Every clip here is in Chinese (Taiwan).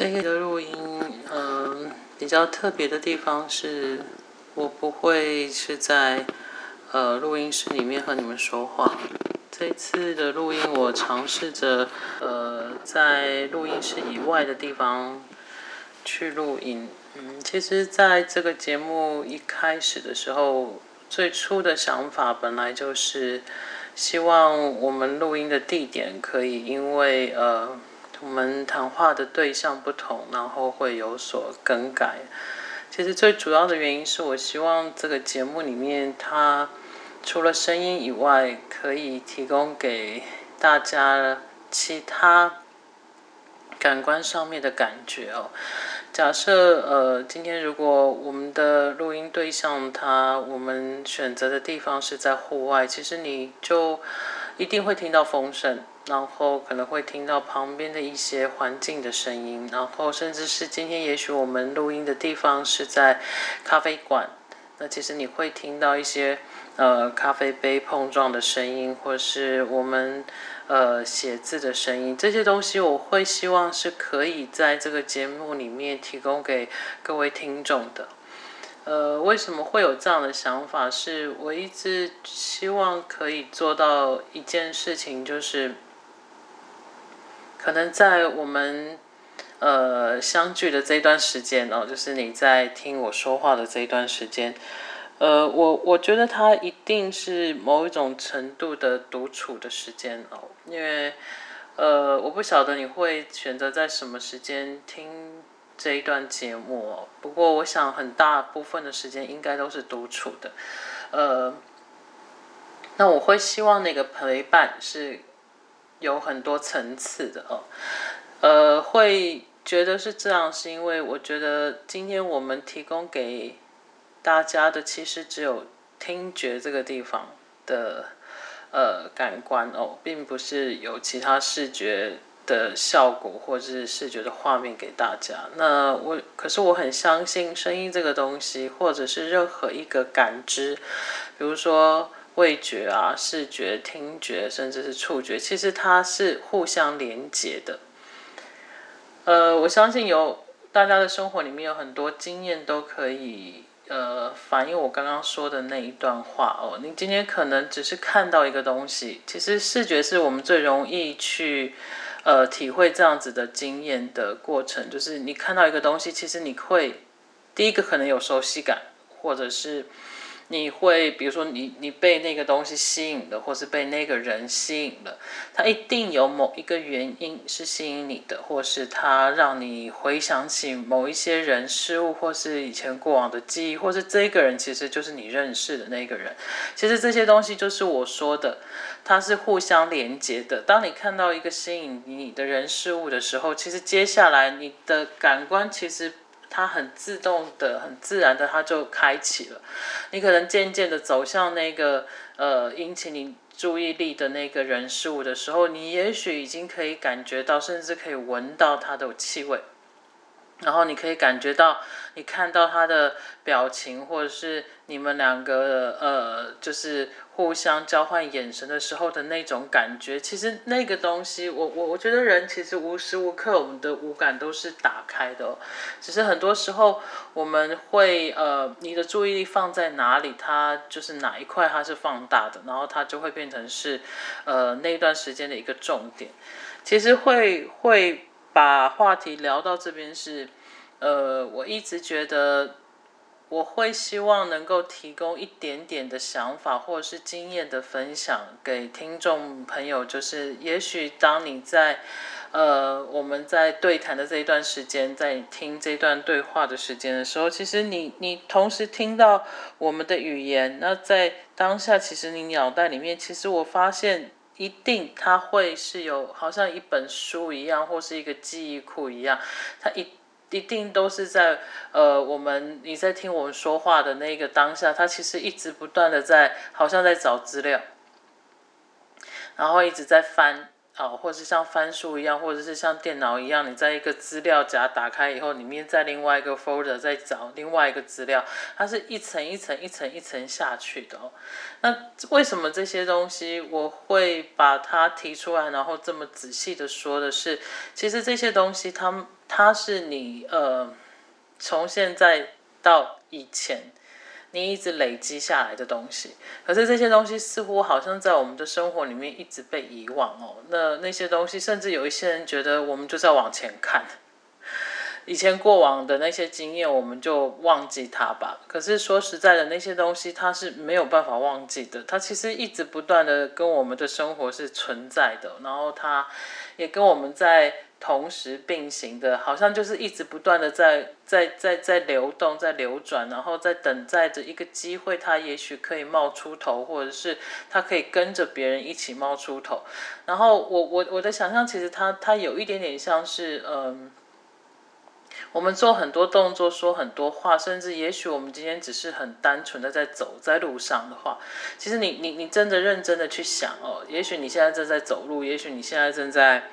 這次的錄音，嗯、呃，比較特別的地方是，我不會是在呃錄音室裡面和你們說話。這次的錄音，我嘗試着呃在錄音室以外的地方去錄音。嗯，其實，在這個節目一開始的時候，最初的想法本來就是希望我們錄音的地點可以因為呃。我們談話的對象不同，然後會有所更改。其實最主要的原因是我希望這個節目裡面，它除了聲音以外，可以提供給大家其他感官上面的感覺哦。假設呃，今天如果我們的錄音對象他，我們選擇的地方是在戶外，其實你就一定會聽到風聲。然後可能會聽到旁邊的一些環境的聲音，然後甚至是今天也許我們錄音的地方是在咖啡館，那其實你會聽到一些呃咖啡杯碰撞的聲音，或是我們呃寫字的聲音，這些東西我會希望是可以在這個節目裡面提供給各位聽眾的。呃，為什麼會有這樣的想法？是我一直希望可以做到一件事情，就是。可能在我們呃相聚的這一段時間哦，就是你在聽我說話的這一段時間，呃，我我覺得它一定是某一種程度的獨處的時間哦，因為呃，我不曉得你會選擇在什麼時間聽這一段節目哦，不過我想很大部分的時間應該都是獨處的，呃，那我會希望那個陪伴是。有很多層次的哦，呃，會覺得是這樣，是因為我覺得今天我們提供給大家的其實只有聽覺這個地方的呃感官哦，並不是有其他視覺的效果或者是視覺的畫面給大家。那我可是我很相信聲音這個東西，或者是任何一個感知，比如說。味覺啊，視覺、聽覺，甚至是觸覺，其實它是互相連接的。呃，我相信有大家的生活裡面有很多經驗都可以呃反映我剛剛說的那一段話哦。你今天可能只是看到一個東西，其實視覺是我們最容易去呃體會這樣子的經驗的過程，就是你看到一個東西，其實你會第一個可能有熟悉感，或者是。你會比如說你你被那個東西吸引了，或是被那個人吸引了，它一定有某一個原因是吸引你的，或是它讓你回想起某一些人事物，或是以前過往的記憶，或是這個人其實就是你認識的那個人。其實這些東西就是我說的，它是互相連接的。當你看到一個吸引你的人事物的時候，其實接下來你的感官其實。它很自動的、很自然的，它就開啟了。你可能漸漸的走向那個呃引起你注意力的那個人事物的時候，你也許已經可以感覺到，甚至可以聞到它的氣味。然後你可以感覺到，你看到他的表情，或者是你們兩個呃，就是互相交換眼神的時候的那種感覺。其實那個東西，我我我覺得人其實無時無刻我們的五感都是打開的，哦，只是很多時候我們會呃，你的注意力放在哪裡，它就是哪一塊它是放大的，然後它就會變成是呃那段時間的一個重點。其實會會。把話題聊到這邊是，呃，我一直覺得我會希望能夠提供一點點的想法或者是經驗的分享給聽眾朋友，就是也許當你在，呃，我們在對談的這一段時間，在聽這段對話的時間的時候，其實你你同時聽到我們的語言，那在當下，其實你腦袋裡面，其實我發現。一定，它會是有，好像一本書一樣，或是一個記憶庫一樣，它一一定都是在呃，我們你在聽我們說話的那個當下，它其實一直不斷的在，好像在找資料，然後一直在翻。哦，或是像翻書一樣，或者是像電腦一樣，你在一個資料夾打開以後，裡面在另外一個 folder 再找另外一個資料，它是一層一層一層一層一層下去的哦。那為什麼這些東西我會把它提出來，然後這麼仔細的說的是，是其實這些東西它，它它是你呃，從現在到以前。你一直累積下來的東西，可是這些東西似乎好像在我們的生活裡面一直被遺忘哦。那那些東西，甚至有一些人覺得我們就在往前看，以前過往的那些經驗我們就忘記它吧。可是說實在的，那些東西它是沒有辦法忘記的，它其實一直不斷的跟我們的生活是存在的，然後它也跟我們在。同時並行的，好像就是一直不斷的在在在在、在流動，在流轉，然後在等待着一個機會，他也許可以冒出頭，或者是他可以跟着別人一起冒出頭。然後我我我的想象其實他它、它有一點點像是嗯、呃，我們做很多動作，說很多話，甚至也許我們今天只是很單純的在走在路上的話，其實你你你真的認真的去想哦，也許你現在正在走路，也許你現在正在。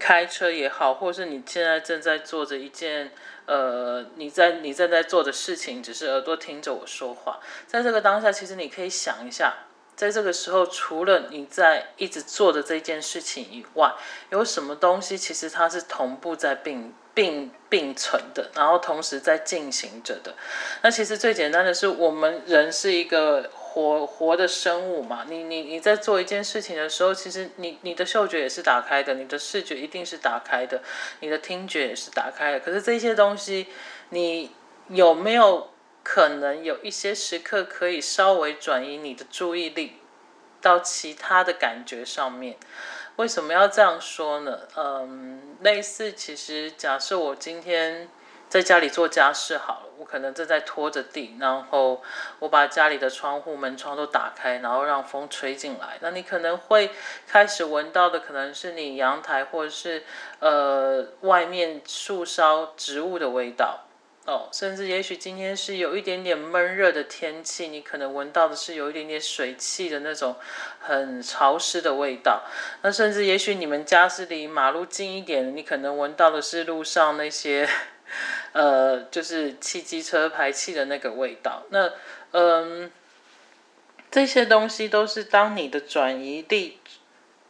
開車也好，或者是你現在正在做着一件，呃，你在你正在做的事情，只是耳朵聽着我說話。在這個當下，其實你可以想一下，在這個時候，除了你在一直做的這件事情以外，有什麼東西其實它是同步在並並並存的，然後同時在進行着的。那其實最簡單的是，我們人是一個。活活的生物嘛，你你你在做一件事情的時候，其實你你的嗅覺也是打開的，你的視覺一定是打開的，你的聽覺也是打開的。可是這些東西，你有沒有可能有一些時刻可以稍微轉移你的注意力到其他的感覺上面？為什麼要這樣說呢？嗯，類似其實假設我今天。在家裡做家事好了，我可能正在拖着地，然後我把家裡的窗戶、門窗都打開，然後讓風吹進來。那你可能會開始聞到的，可能是你陽台或者是呃外面樹梢植物的味道哦，甚至也許今天是有一點點悶熱的天氣，你可能聞到的是有一點點水汽的那種很潮濕的味道。那甚至也許你們家是離馬路近一點，你可能聞到的是路上那些。呃，就是汽機車排氣的那個味道。那，嗯，這些東西都是當你的轉移力，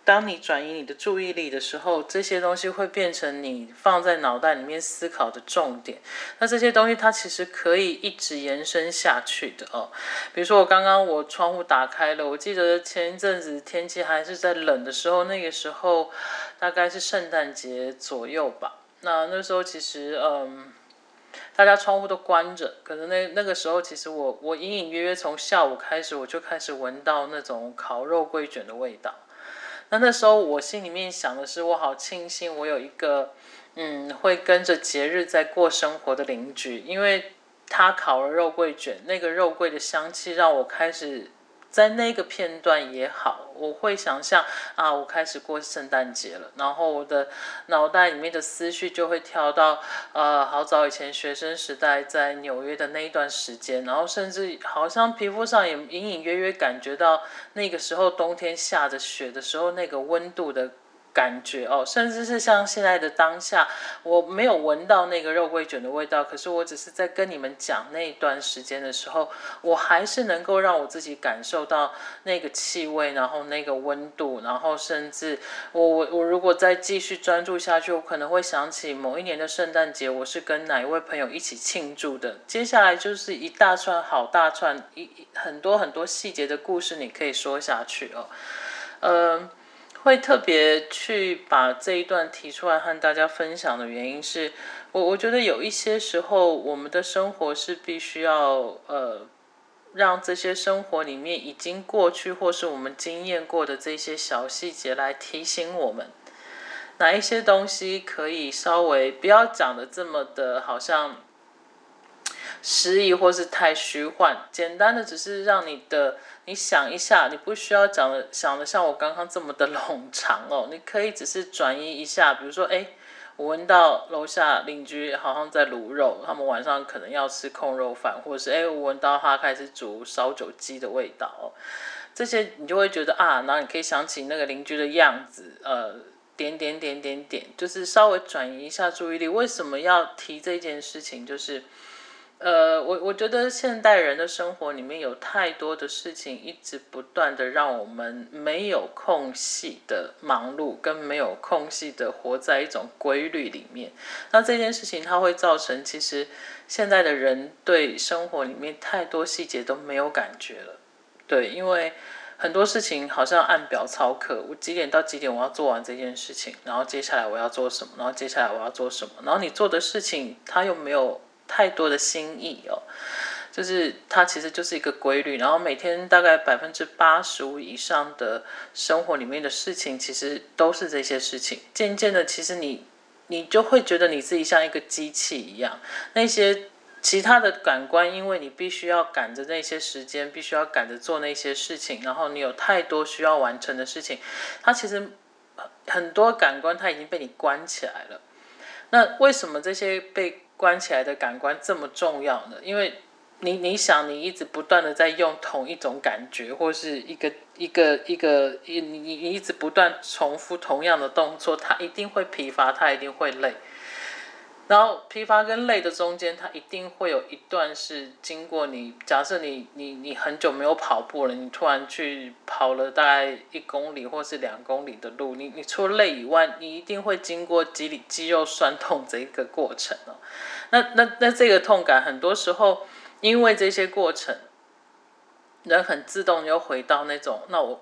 當你轉移你的注意力的時候，這些東西會變成你放在腦袋裡面思考的重點。那這些東西它其實可以一直延伸下去的哦。比如說我剛剛我窗戶打開了，我記得前一陣子天氣還是在冷的時候，那個時候大概是聖誕節左右吧。那那時候其實，嗯。大家窗戶都關着，可能那那個時候，其實我我隱隱約約從下午開始，我就開始聞到那種烤肉桂卷的味道。那那時候我心裡面想的是，我好慶幸我有一個，嗯，會跟着節日在過生活的鄰居，因為他烤了肉桂卷，那個肉桂的香氣讓我開始。在那個片段也好，我會想象啊，我開始過聖誕節了，然後我的腦袋裡面的思緒就會跳到呃，好早以前學生時代在紐約的那一段時間，然後甚至好像皮膚上也隱隱約約感覺到那個時候冬天下着雪的時候那個溫度的。感覺哦，甚至是像現在的當下，我沒有聞到那個肉桂卷的味道，可是我只是在跟你們講那一段時間的時候，我還是能夠讓我自己感受到那個氣味，然後那個溫度，然後甚至我我我如果再繼續專注下去，我可能會想起某一年的聖誕節，我是跟哪一位朋友一起慶祝的。接下來就是一大串好大串一、一很多很多細節的故事，你可以說下去哦，嗯、呃。會特別去把這一段提出來和大家分享的原因是，我我覺得有一些時候我們的生活是必須要呃，讓這些生活裡面已經過去，或是我們經驗過的這些小細節來提醒我們，哪一些東西可以稍微不要講得這麼的好像。失憶或是太虛幻，簡單的只是讓你的，你想一下，你不需要講的，想的像我剛剛這麼的冗長哦。你可以只是轉移一下，比如說，哎，我聞到樓下鄰居好像在滷肉，他們晚上可能要吃控肉飯，或者是，哎，我聞到他開始煮燒酒雞的味道哦。這些你就會覺得啊，然後你可以想起那個鄰居的樣子，呃，點點點點點點，就是稍微轉移一下注意力。為什麼要提這件事情？就是。呃，我我覺得現代人的生活裡面有太多的事情，一直不斷地讓我們沒有空隙的忙碌，跟沒有空隙的活在一種規律裡面。那這件事情它會造成，其實現在的人對生活裡面太多細節都沒有感覺了。對，因為很多事情好像按表操課，我幾點到幾點我要做完這件事情，然後接下來我要做什麼，然後接下來我要做什麼，然後接下來我要做什麼，然後你做的事情他又沒有。太多的心意哦，就是它其實就是一個規律，然後每天大概百分之八十五以上的生活裡面的事情，其實都是這些事情。漸漸的，其實你你就會覺得你自己像一個機器一樣，那些其他的感官，因為你必須要趕着那些時間，必須要趕着做那些事情，然後你有太多需要完成的事情，它其實很多感官它已經被你關起來了。那為什麼這些被？關起來的感官這麼重要呢？因為你你想，你一直不斷的在用同一種感覺，或是一個一個一個，你你你一直不斷重複同樣的動作，它一定會疲乏，它一定會累。然後，疲乏跟累的中間，它一定會有一段是經過你。假設你你你很久沒有跑步了，你突然去跑了大概一公里或是兩公里的路，你你除了累以外，你一定會經過肌里肌肉酸痛這一個過程哦。那那那這個痛感，很多時候因為這些過程，人很自動又回到那種，那我。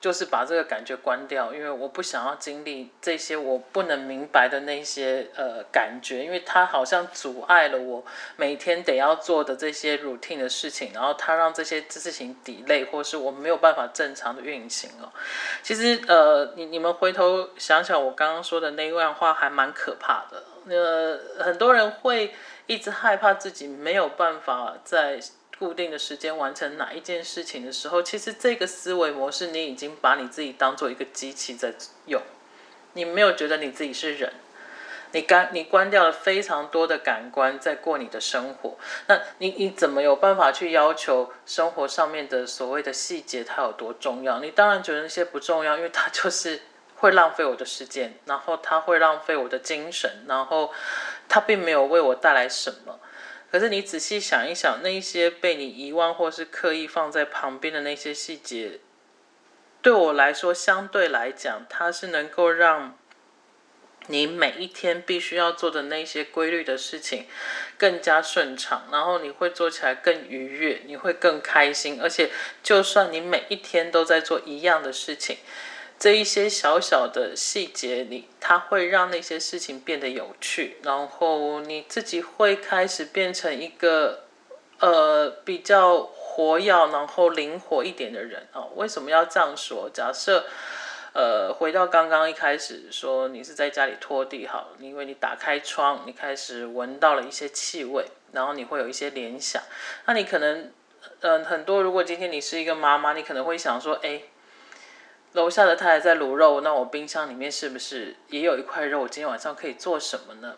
就是把這個感覺關掉，因為我不想要經歷這些我不能明白的那些呃感覺，因為它好像阻礙了我每天得要做的這些 routine 的事情，然後它讓這些這事情 delay，或是我沒有辦法正常的運行哦。其實呃，你你們回頭想想我剛剛說的那一段話，還蠻可怕的。呃，很多人會一直害怕自己沒有辦法在。固定的時間完成哪一件事情的時候，其實這個思維模式，你已經把你自己當做一個機器在用，你沒有覺得你自己是人，你幹，你關掉了非常多的感官在過你的生活，那你你怎麼有辦法去要求生活上面的所謂的細節它有多重要？你當然覺得那些不重要，因為它就是會浪費我的時間，然後它會浪費我的精神，然後它並沒有為我帶來什麼。可是你仔細想一想，那一些被你遺忘或是刻意放在旁邊的那些細節，對我來說，相對來講，它是能夠讓，你每一天必須要做的那些規律的事情，更加順暢，然後你會做起來更愉悅，你會更開心，而且就算你每一天都在做一樣的事情。這一些小小的細節裡，它會讓那些事情變得有趣，然後你自己會開始變成一個，呃，比較活躍然後靈活一點的人哦。為什麼要這樣說？假設，呃，回到剛剛一開始說，你是在家裡拖地，好，因為你打開窗，你開始聞到了一些氣味，然後你會有一些聯想。那你可能，嗯、呃，很多。如果今天你是一個媽媽，你可能會想說，誒。樓下的他還在滷肉，那我冰箱裡面是不是也有一塊肉？我今天晚上可以做什麼呢？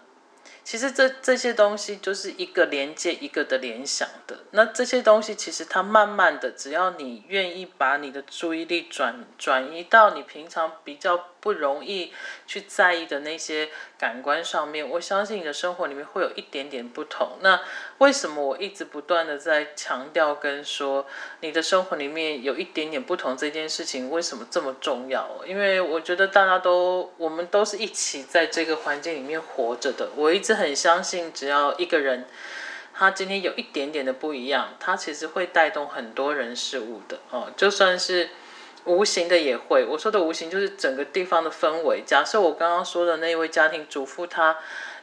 其實這這些東西就是一個連接一個的聯想的，那這些東西其實它慢慢的，只要你願意把你的注意力轉轉移到你平常比較。不容易去在意的那些感官上面，我相信你的生活裡面會有一點點不同。那為什麼我一直不斷地在強調跟說你的生活裡面有一點點不同這件事情為什麼這麼重要？因為我覺得大家都，我們都是一起在這個環境裡面活着的。我一直很相信，只要一個人他今天有一點點的不一樣，他其實會帶動很多人事物的哦，就算是。無形的也會，我說的無形就是整個地方的氛圍。假設我剛剛說的那位家庭主婦，她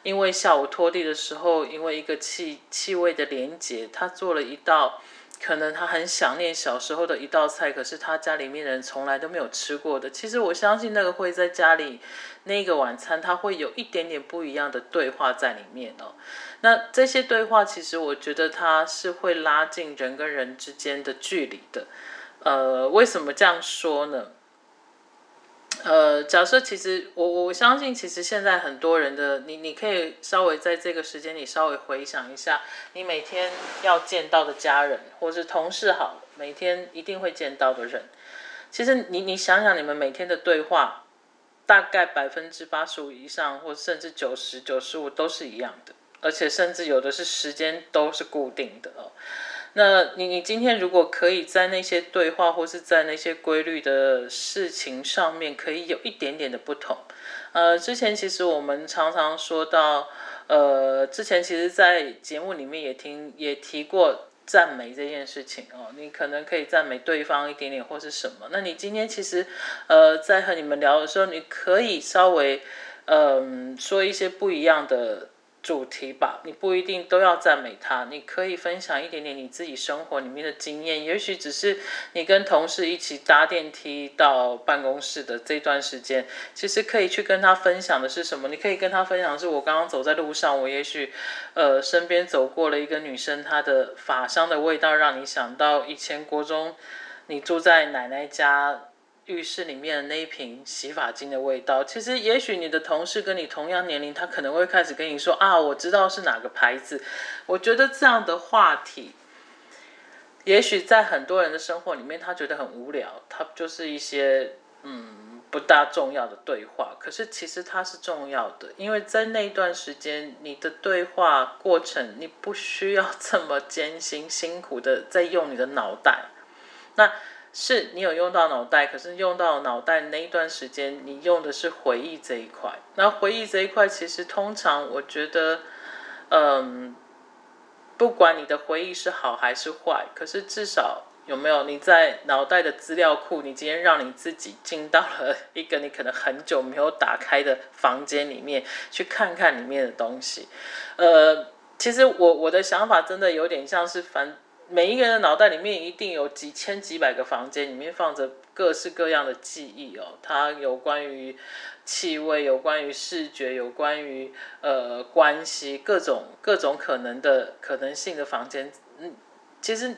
因為下午拖地的時候，因為一個氣氣味的連接，她做了一道可能她很想念小時候的一道菜，可是她家裡面的人從來都沒有吃過的。其實我相信那個會在家裡那個晚餐，她會有一點點不一樣的對話在裡面哦。那這些對話其實我覺得它是會拉近人跟人之間的距離的。呃，為什麼這樣說呢？呃，假設其實我我，我相信，其實現在很多人的你，你可以稍微在這個時間，你稍微回想一下，你每天要見到的家人或是同事，好了，每天一定會見到的人，其實你你想想，你們每天的對話大概百分之八十五以上，或甚至九十九十五都是一樣的，而且甚至有的是時間都是固定的哦。那你你今天如果可以在那些對話或是在那些規律的事情上面可以有一點點的不同，呃，之前其實我們常常說到，呃，之前其實在節目裡面也聽也提過讚美這件事情哦，你可能可以讚美對方一點點或是什麼。那你今天其實，呃，在和你們聊的時候，你可以稍微嗯，呃，說一些不一樣的。主題吧，你不一定都要讚美他，你可以分享一點點你自己生活裡面的經驗，也許只是你跟同事一起搭電梯到辦公室的這段時間，其實可以去跟他分享的是什麼？你可以跟他分享的是我剛剛走在路上，我也許，呃，身邊走過了一個女生，她的髮香的味道讓你想到以前國中，你住在奶奶家，浴室裡面的那一瓶洗髮精的味道，其實也許你的同事跟你同樣年齡，他可能會開始跟你說啊，我知道是哪個牌子。我覺得這樣的話題，也許在很多人的生活裡面，他覺得很無聊，他就是一些嗯不大重要的對話。可是其實它是重要的，因為在那段時間，你的對話過程，你不需要這麼艱辛辛苦的在用你的腦袋。那。是你有用到腦袋，可是用到腦袋那一段時間，你用的是回憶這一塊。那回憶這一塊，其實通常我覺得，嗯、呃，不管你的回憶是好還是壞，可是至少有沒有你在腦袋的資料庫，你今天讓你自己進到了一個你可能很久沒有打開的房間裡面，去看看裡面的東西。呃，其實我我的想法真的有點像是反。每一個人的腦袋裡面一定有幾千幾百個房間，裡面放着各式各樣的記憶哦。它有關於氣味，有關於視覺，有關於呃關係，各種各種可能的可能性的房間。嗯，其實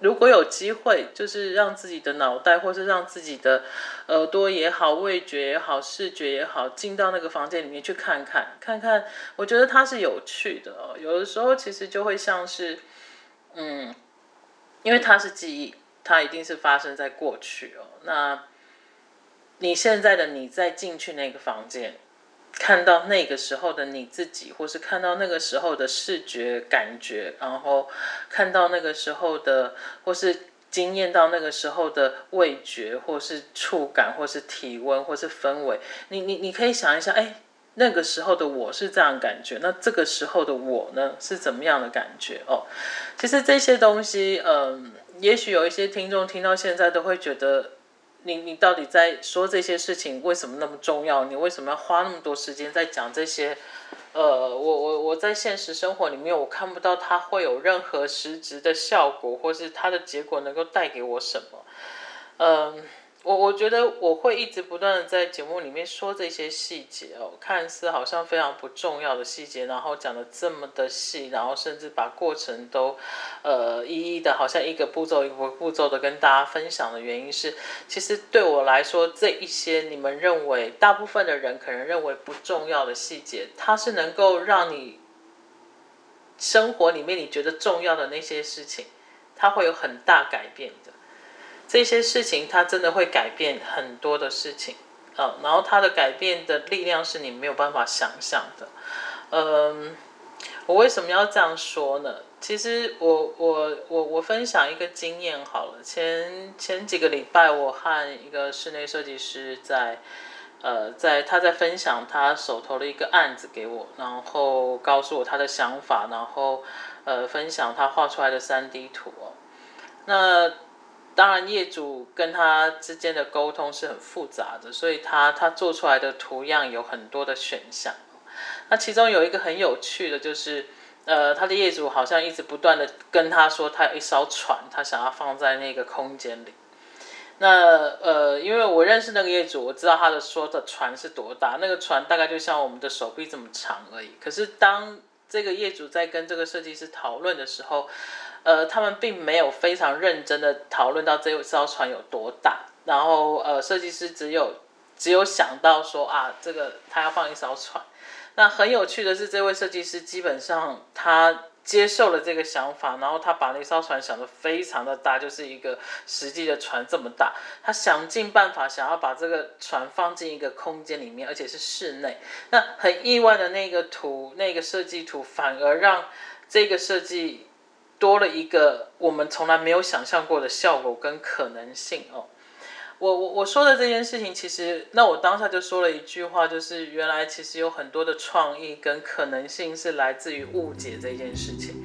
如果有機會，就是讓自己的腦袋，或是讓自己的耳朵也好、味覺也好、視覺也好，進到那個房間裡面去看看、看看，我覺得它是有趣的哦。有的時候其實就會像是。嗯，因為它是記憶，它一定是發生在過去哦。那你現在的你再進去那個房間，看到那個時候的你自己，或是看到那個時候的視覺感覺，然後看到那個時候的，或是經驗到那個時候的味覺，或是觸感，或是體溫，或是氛圍。你你你可以想一下，哎。那個時候的我是這樣的感覺，那這個時候的我呢是怎麼樣的感覺哦？其實這些東西，嗯、呃，也許有一些聽眾聽到現在都會覺得你，你你到底在說這些事情為什麼那麼重要？你為什麼要花那麼多時間在講這些？呃，我我我在現實生活裡面我看不到它會有任何實質的效果，或是它的結果能夠帶給我什麼，嗯、呃。我我覺得我會一直不斷的在節目裡面說這些細節哦，看似好像非常不重要的細節，然後講的這麼的細，然後甚至把過程都，呃，一一的，好像一個步驟一個步驟的跟大家分享的原因是，其實對我來說，這一些你們認為大部分的人可能認為不重要的細節，它是能夠讓你生活裡面你覺得重要的那些事情，它會有很大改變的。這些事情，它真的會改變很多的事情，呃，然後它的改變的力量是你沒有辦法想象的，嗯，我為什麼要這樣說呢？其實我我我我分享一個經驗好了，前前幾個禮拜，我和一個室內設計師在，呃，在他在分享他手頭的一個案子給我，然後告訴我他的想法，然後呃分享他畫出來的三 D 圖，哦，那。當然，業主跟他之間的溝通是很複雜的，所以他他做出來的圖樣有很多的選項。那其中有一個很有趣的，就是呃，他的業主好像一直不斷的跟他說，他有一艘船，他想要放在那個空間裡。那呃，因為我認識那個業主，我知道他的說的船是多大，那個船大概就像我們的手臂這麼長而已。可是當這個業主在跟這個設計師討論的時候，呃，他們並沒有非常認真的討論到這艘船有多大，然後呃，設計師只有只有想到說啊，這個他要放一艘船。那很有趣的是，這位設計師基本上他接受了這個想法，然後他把那艘船想得非常的大，就是一個實際的船這麼大。他想盡辦法想要把這個船放進一個空間裡面，而且是室內。那很意外的那個圖，那個設計圖反而讓這個設計。多了一個我們從來沒有想象過的效果跟可能性哦。我我我說的這件事情，其實那我當下就說了一句話，就是原來其實有很多的創意跟可能性是來自於誤解這件事情。